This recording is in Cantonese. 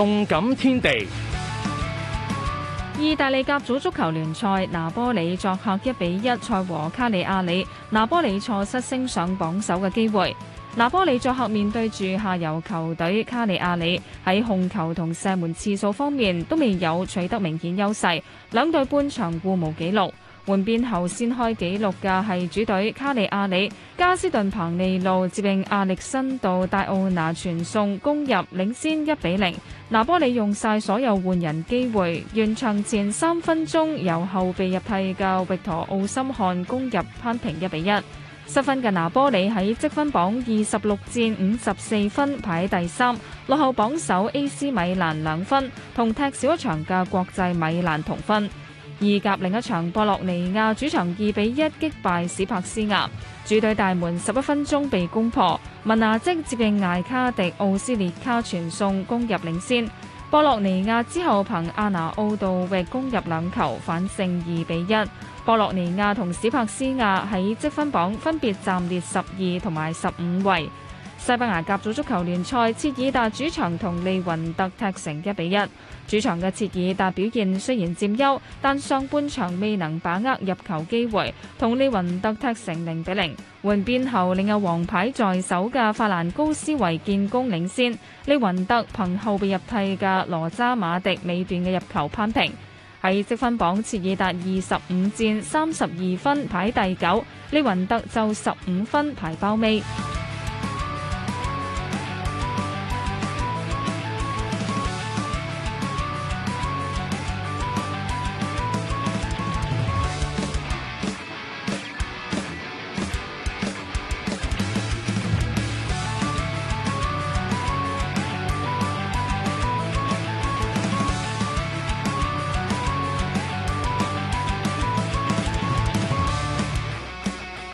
動感天地，意大利甲組足球聯賽，拿波里作客一比一賽和卡利亞里，拿波里錯失升上榜首嘅機會。拿波里作客面對住下游球隊卡利亞里，喺控球同射門次數方面都未有取得明顯優勢，兩隊半場互無紀錄。換邊後先開紀錄嘅係主隊卡利亞里，加斯頓彭利路接應亞力新道戴奧拿傳送攻入，領先一比零。拿波里用晒所有換人機會，完場前三分鐘由後備入替嘅域陀奧森漢攻入，扳平一比一。失分嘅拿波里喺積分榜二十六戰五十四分排第三，落後榜首 AC 米蘭兩分，同踢少一場嘅國際米蘭同分。意甲另一場，博洛尼亞主場二比一擊敗史柏斯亞，主隊大門十一分鐘被攻破，文拿即接應艾卡迪奧斯列卡傳送攻入領先。博洛尼亞之後憑阿拿奧杜域攻入兩球反勝二比一。博洛尼亞同史柏斯亞喺積分榜分別暫列十二同埋十五位。西班牙甲組足球聯賽，切爾達主場同利雲特踢成一比一。主場嘅切爾達表現雖然佔優，但上半場未能把握入球機會，同利雲特踢成零比零。換邊後，另有黃牌在手嘅法蘭高斯維建功領先，利雲特憑後備入替嘅羅渣馬迪尾段嘅入球攀平。喺積分榜，切爾達二十五戰三十二分排第九，利雲特就十五分排包尾。